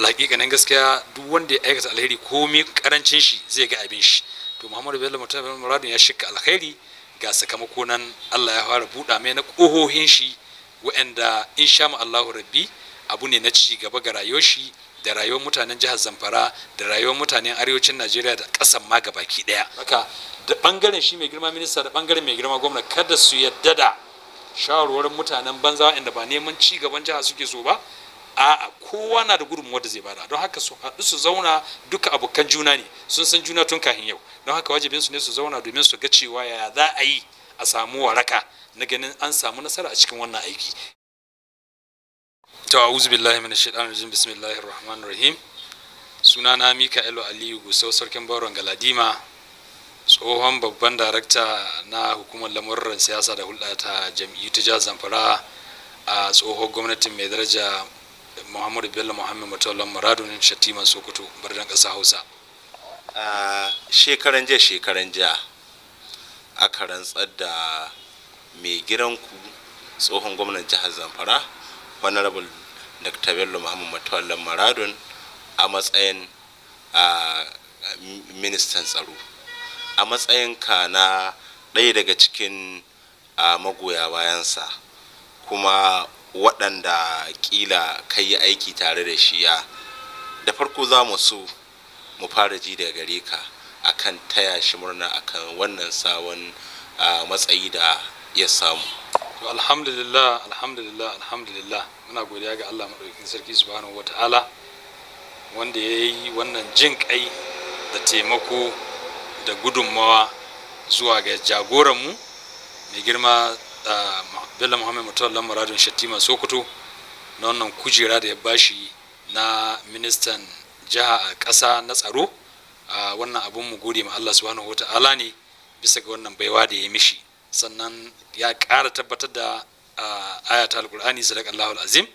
alhaƙiƙanin gaskiya duk wanda ya aikata alheri komi karancin shi zai ga abin shi to muhammadu bello mutum muradu ya shika alheri ga sakamako nan allah ya fara buɗa mai na ƙohohin shi wa'anda in sha mu allahu rabbi abu ne na ci gaba ga rayuwar shi da rayuwar mutanen jihar zamfara da rayuwar mutanen arewacin najeriya da ƙasan ma ga baki ɗaya haka da ɓangaren shi mai girma minista da ɓangaren mai girma gwamna kada su yadda da shawarwarin mutanen banza wa'anda ba neman ci gaban jihar suke so ba a'a kowa na da gudunmuwar da zai bada don haka su haɗu su zauna duka abokan juna ne sun san juna tun kafin yau don haka wajibin su ne su zauna domin su ga cewa yaya za a yi a samu waraka na ganin an samu nasara a cikin wannan aiki ta'awuz billahi minash shaitanir rajim bismillahir rahmanir rahim sunana mika'ilu aliyu gusau sarkin baron galadima tsohon babban darakta na hukumar lamurran siyasa da hulɗa ta jam'iyyu ta zamfara a tsohon gwamnatin mai daraja muhammadu bello muhammad mataulan muradun shatiman sokoto birnin ƙasa hausa a shekaran jiya shekaran jiya aka rantsar da mai ku, tsohon gwamnan jihar zamfara honorable dr bello muhammad mataulan muradun a matsayin ministan tsaro a matsayin ka na ɗaya daga cikin magoya bayansa kuma waɗanda ƙila ka yi aiki tare da shi ya da farko za mu so mu fara ji daga gare ka akan taya shi murna akan wannan sawon matsayi da ya samu to alhamdulillah alhamdulillah alhamdulillah muna godiya ga Allah madaukakin sarki subhanahu wataala wanda ya yi wannan jin ƙai da taimako da gudunmawa zuwa ga jagoranmu mai girma bello muhammad mutawallan muradun shattima sokoto na wannan kujera da ya bashi na ministan jiha a ƙasa na tsaro wannan abin mu gode ma allah subhanahu wa ta'ala ne bisa ga wannan baiwa da ya mishi sannan ya ƙara tabbatar da ayata alkur'ani allahul azim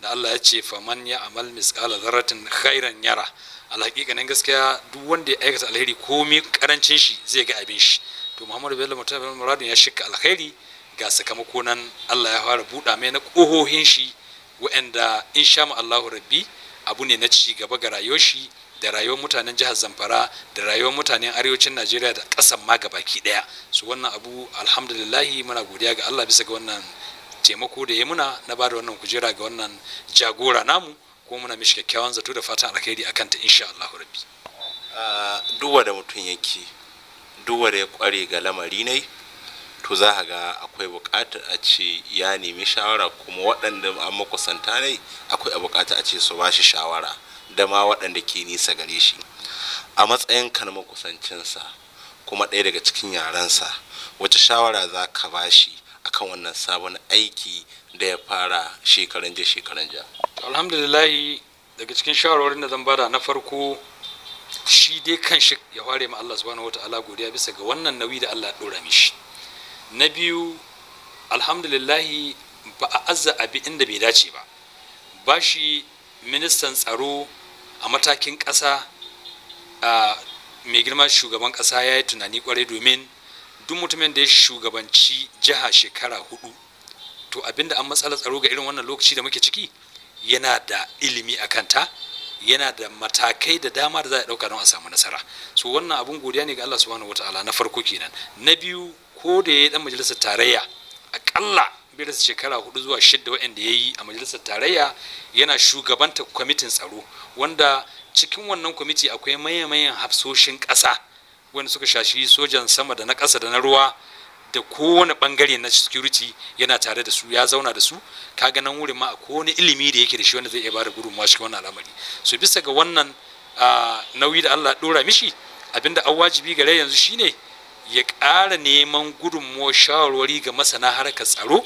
da allah ya ce faman ya amal misqala zarratin khairan yara alhaƙiƙanin gaskiya duk wanda ya aikata alheri komai karancin shi zai ga abin shi to muhammadu bello mutum ya shika alheri. ga sakamako nan Allah ya fara buɗa mai na ƙohohin shi waɗanda insha Allahu rabbi abu ne na ci gaba ga rayuwar shi da rayuwar mutanen jihar Zamfara da rayuwar mutanen arewacin Najeriya da ƙasan ma baki ɗaya su wannan abu alhamdulillahi muna godiya ga Allah bisa ga wannan taimako da ya muna na bada wannan kujera ga wannan jagora namu kuma muna mishi kyakkyawan zato da fatan alkhairi akan ta insha Allahu rabbi ah, duwa da mutum yake duwa da ya kware ga lamari ne to za ka ga akwai buƙatar a ce ya nemi shawara kuma waɗanda an makusanta ne akwai a bukatar a ce su ba shi shawara da ma waɗanda ke nisa gare shi a matsayin kan na makusancinsa kuma ɗaya daga cikin yarensa wace shawara za ka ba shi akan wannan sabon aiki da ya fara shekaran jiya shekaran jiya alhamdulillahi daga cikin shawarwarin da zan bada na farko shi dai kan shi ya ware ma Allah subhanahu wataala godiya bisa ga wannan nauyi da Allah ya dora mishi na biyu alhamdulillahi ba a azza abi inda bai dace ba ba shi ministan tsaro a matakin ƙasa a mai girma shugaban ƙasa ya yi tunani kwarai domin duk mutumin da ya shugabanci jiha shekara hudu to abinda an matsala tsaro ga irin wannan lokaci da muke ciki yana da ilimi a kanta yana da matakai da dama da za a ɗauka don a samu nasara so wannan abun godiya ne ga Allah subhanahu wataala na farko kenan na biyu ko da ya yi dan majalisar tarayya akalla bai rasa shekara hudu zuwa shidda waɗanda ya yi a majalisar tarayya yana shugabanta kwamitin tsaro wanda cikin wannan kwamiti akwai mayan-mayan hafsoshin ƙasa wanda suka shashi sojan sama da na ƙasa da na ruwa da kowane bangare na security yana tare da su ya zauna da su kaga nan wurin ma a wani ilimi da yake da shi wanda zai iya bada gudunmawa shi wannan al'amari so bisa ga wannan nauyi da Allah dora mishi abinda an wajibi gare yanzu shine ya ƙara neman gudunmawa shawarwari ga masana harkar tsaro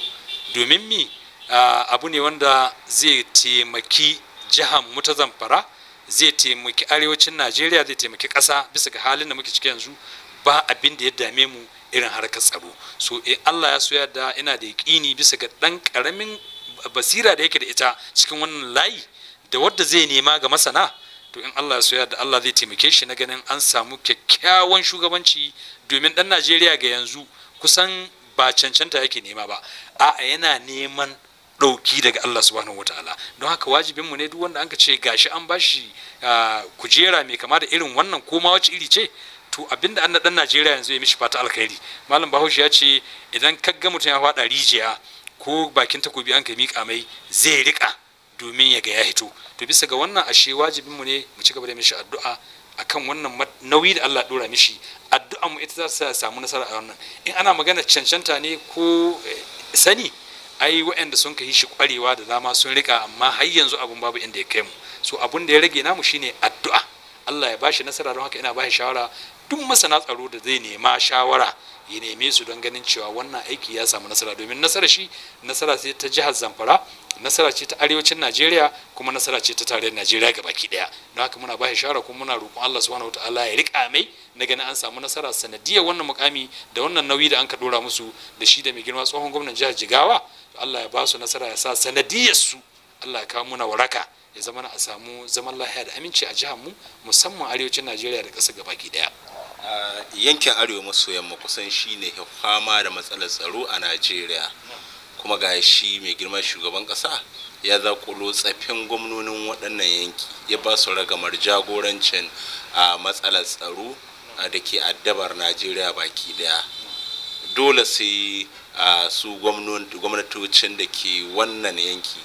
domin mi abu ne wanda zai taimaki jihar mu ta zamfara zai taimaki arewacin najeriya zai taimaki ƙasa bisa ga halin da muke ciki yanzu ba abin da ya dame mu irin harkar tsaro so eh Allah ya so da, ina da yaƙini bisa ga ɗan ƙaramin basira da yake da ita cikin wannan layi da wadda zai nema ga masana to in Allah ya so da, Allah zai taimake shi na ganin an samu kyakkyawan shugabanci domin ɗan Najeriya ga yanzu kusan ba cancanta yake nema ba a'a yana neman ɗauki daga Allah subhanahu wataala don haka wajibin mu ne duk wanda anka ce gashi an bashi ah, kujera mai kama da irin wannan ko ma wace iri ce to abinda an dan Najeriya yanzu ya mishi fata alkhairi malam Bahaushe ya ce idan ka ga mutum ya faɗa rijiya ko bakin takobi an ka miƙa mai zai riƙa domin ya ga ya hito to bisa ga wannan ashe wajibin mu ne mu ci gaba da mishi addu'a akan wannan nauyi da Allah dora mishi addu'a mu ita za ta samu nasara a wannan in ana magana cancanta ne ko eh, sani ai wa'anda sun kai shi kwarewa da dama sun rika amma har yanzu abun babu inda ya kai mu so abun da ya rage namu shine addu'a Allah ya bashi nasara don haka ina bashi shawara duk masana tsaro da zai nema shawara ya neme su don ganin cewa wannan aiki ya samu nasara domin nasara shi nasara ce ta jihar zamfara nasara ce ta arewacin najeriya kuma nasara ce ta tarayyar najeriya ga baki daya don haka muna bashi shawara kuma muna roƙon allah subhanahu wataala ya rika mai na ganin an samu nasara sanadiyar wannan mukami da wannan nauyi da an ka dora musu da shi da mai girma tsohon gwamnan jihar jigawa allah ya ba su nasara ya sa sanadiyar su allah ya kawo muna waraka ya zama a samu zaman lahiya da aminci a jihar mu musamman arewacin najeriya da ƙasa baki daya yankin arewa maso yamma kusan shi ne fama da matsalar tsaro a najeriya kuma ga shi mai girman shugaban kasa ya zakulo tsafin gwamnonin waɗannan yanki ya ba su ragamar jagorancin a matsalar tsaro da ke addabar najeriya baki daya dole sai su gwamnatocin da ke wannan yanki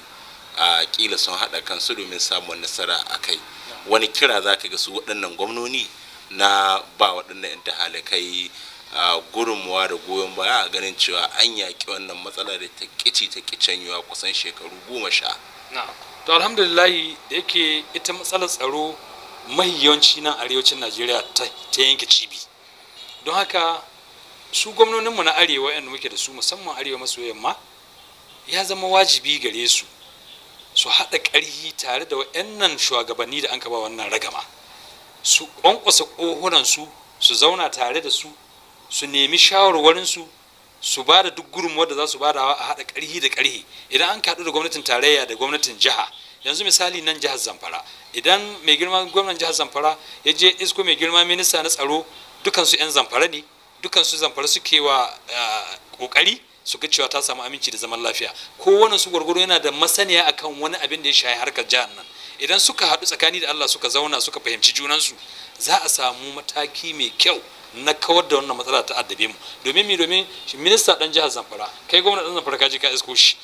a kila sun haɗa kansu domin samun nasara a kai wani kira za ka ga su waɗannan gwamnoni na ba waɗannan 'yan halakai a gudunmuwa da goyon baya a ganin cewa an yaƙi wannan matsala da ta kici ta kicen yiwa kusan shekaru goma sha to alhamdulillahi da yake ita matsalar tsaro yawanci nan arewacin najeriya ta yanke cibi don haka su gwamnoninmu na arewa yadda muke da su musamman arewa maso yamma ya zama wajibi gare su su haɗa ƙarhi tare da wa'annan shugabanni da an ka ba wannan ragama su ƙwanƙwasa ƙohunansu su zauna tare da su su nemi shawarwarinsu su ba da duk gudunmuwar da za su ba da a haɗa ƙarhi da ƙarhi idan an kaɗu da gwamnatin tarayya da gwamnatin jiha yanzu misali nan jihar zamfara idan mai girma gwamnan jihar zamfara ya je isko mai girma minista na tsaro dukansu 'yan zamfara ne dukansu zamfara suke wa eh, ƙoƙari su ga cewa ta samu aminci da zaman lafiya kowane su gwargwaro yana da masaniya akan wani abin da ya shahi harkar jihar nan idan suka haɗu tsakani da Allah suka zauna suka fahimci junansu za a samu mataki mai kyau na kawar da wannan matsala ta addabe mu domin mi domin minista dan jihar Zamfara kai gwamna dan Zamfara kaji ka isko shi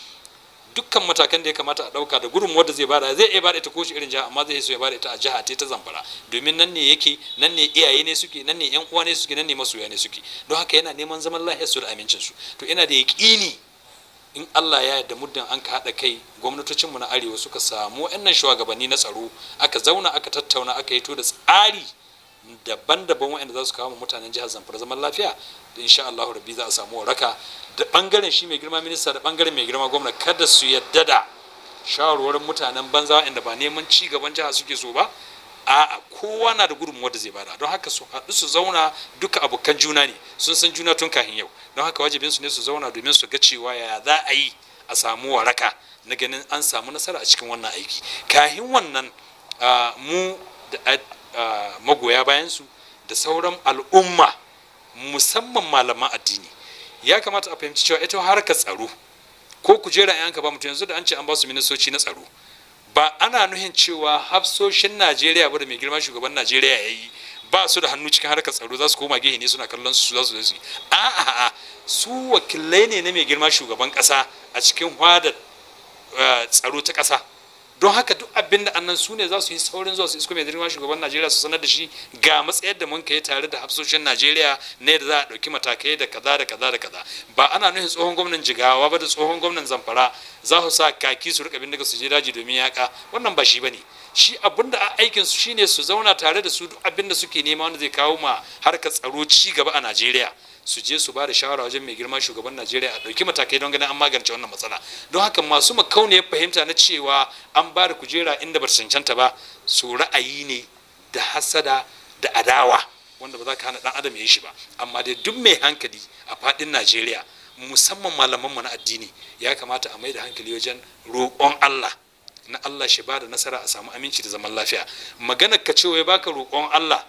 dukkan matakan da ya kamata a dauka da gurin wanda zai bada zai iya bada ita koshi irin jiha amma zai so ya bada ita a jiha ta ta Zamfara domin nan ne yake nan ne iyaye ne suke nan ne yan uwa ne suke nan ne masoya ne suke don haka yana neman zaman lafiya su da amincin su to ina da yaƙini in allah ya yarda muddin an ka haɗa kai gwamnatocinmu na arewa suka samu wannan shugabanni na tsaro aka zauna aka tattauna aka yi to da tsari daban-daban wa'anda za su kawo mutanen jihar zamfara zaman lafiya da insha allah rabbi za a samu waraka da bangaren shi mai girma minista da bangaren mai girma gwamna kada su yadda da shawarwarin mutanen banza wa'anda ba neman ci gaban jiha suke so ba a'a kowa na da gudunmuwa wadda zai bada don haka su haɗu su zauna duka abokan juna ne sun san juna tun kahin yau don haka wajibin su ne su zauna domin su ga cewa ya za a yi a samu waraka na ganin an samu nasara a cikin wannan aiki kahin wannan mu da magoya bayansu da sauran al'umma musamman malaman addini ya kamata a fahimci cewa ita harkar tsaro ko kujera in ka ba mutum yanzu da an ce an ba su ministoci na tsaro ba ana nuhin cewa hafsoshin najeriya ba da mai girma shugaban najeriya ya yi ba su da hannu cikin harkar tsaro za su koma gehe ne suna kallon su za su zai a'a su wakilai ne na mai girma shugaban kasa a cikin hwadar eh, tsaro ta kasa don haka duk abin da annan su ne za su yi saurin zuwa su isko mai girma shugaban najeriya su sanar da shi ga matsayar da mun kai tare da hafsoshin najeriya ne da za a dauki matakai da kaza da kaza da kaza ba ana nufin tsohon gwamnan jigawa ba da tsohon gwamnan zamfara za su sa kaki su rika bin daga su je daji domin yaka wannan ba shi ba ne shi abin da aikin su shine su zauna tare da su duk abin da suke nema wanda zai kawo ma harkar tsaro ci gaba a najeriya su je su ba da shawara wajen mai girma shugaban najeriya a ɗauki matakai don ganin an magance wannan matsala don haka masu makauniyar fahimta na cewa an ba da kujera inda ba cancanta ba su ra'ayi ne da hasada da adawa wanda ba za ka hana ɗan adam ya yi shi ba amma dai duk mai hankali a faɗin najeriya musamman mu na addini ya kamata a mai da hankali wajen roƙon allah na allah shi ba da nasara a samu aminci da zaman lafiya maganar ka cewa ya baka roƙon allah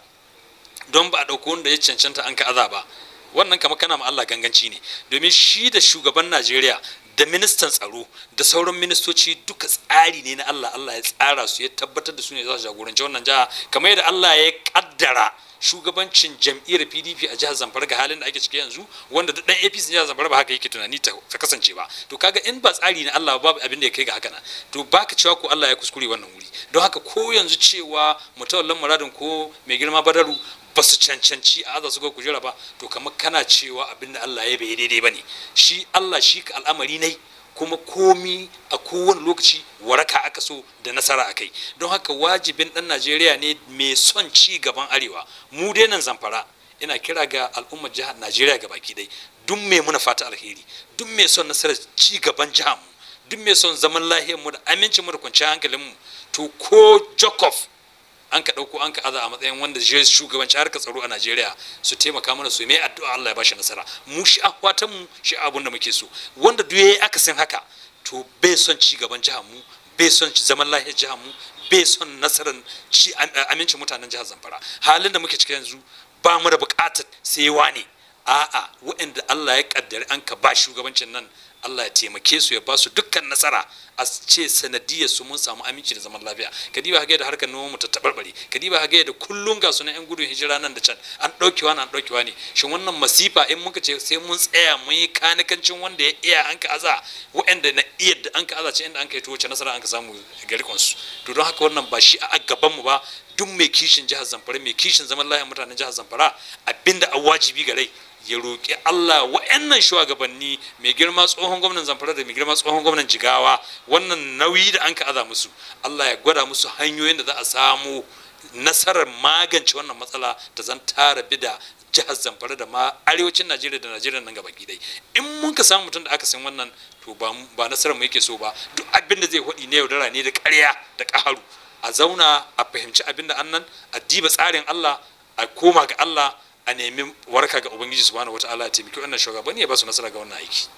don ba a ɗauko wanda ya cancanta an ka aza ba wannan kama kana ma Allah ganganci ne domin shi da shugaban Najeriya da ministan tsaro da sauran ministoci duka tsari ne na Allah Allah ya tsara su ya tabbatar da su ne za su jagoranci wannan jiha kamar yadda Allah ya kaddara shugabancin jam'iyyar pdp a jihar zamfara ga halin da ake ciki yanzu wanda da dan apc jihar zamfara ba haka yake tunani ta kasance ba to kaga in ba tsari ne allah babu abin da ya kai ga haka na to baka cewa ko allah ya kuskure wannan wuri don haka ko yanzu cewa mutawallan muradin ko mai girma badaru ba su cancanci a aza su ga kujera ba to kamar kana cewa abinda Allah ya bai daidai ne shi Allah shi ka al'amari ne kuma komi a kowane lokaci waraka aka so da nasara a kai don haka wajibin dan najeriya ne mai son ci gaban arewa mu dai nan zamfara ina kira ga al'ummar jihar najeriya ga baki dai duk mai muna fata alheri duk mai son nasarar ci gaban jihar mu duk mai son zaman lahiyar mu da amincin mu da kwanciyar hankalin mu to ko jokof. an ka ɗauko an ka aza a matsayin wanda je shugabanci harka tsaro a Najeriya su taimaka mana su mai addu'a Allah ya bashi nasara mu shi akwatan mu shi abun da muke so wanda duk yayi san haka to bai son ci gaban jihar mu bai son zaman lafiyar jihar mu bai son nasarar ci amincin mutanen jihar Zamfara halin da muke cikin yanzu ba mu da buƙatar sai wane a'a waɗanda Allah ya kaddari an ka ba shugabancin nan Allah ya taimake su ya ba su dukkan nasara a ce sanadiyar su mun samu aminci da zaman lafiya kadiba hage da harkar noma mu ta tabarbare kadiba hage da kullun ga sunan yan gudun hijira nan da can an dauke wani an dauke wani shin wannan masifa in muka ce sai mun tsaya mun yi kanikancin wanda ya iya an ka aza waɗanda na iya da an ka aza ce inda an ka yi tuwace nasara an ka samu garikon su to don haka wannan ba shi a gaban mu ba duk mai kishin jihar zamfara mai kishin zaman lafiya mutanen jihar zamfara abinda a wajibi ga rai ya roƙi Allah wa'annan shugabanni mai girma tsohon gwamnan zamfara da mai girma tsohon gwamnan jigawa wannan nauyi da an ka'aza musu Allah ya gwada musu hanyoyin da za a samu nasarar magance wannan matsala da zan tara bida jihar zamfara da ma arewacin najeriya da najeriya nan gabaki dai in mun ka samu mutum da aka san wannan to ba nasarar mu yake so ba duk abin da zai faɗi ne ne da ƙarya da ƙaharu a zauna a fahimci abin da annan a diba tsarin allah a koma ga allah a nemi warka ga ubangiji subhanahu wataala ya taimaki wannan shugabanni ya ba su nasara ga wannan aiki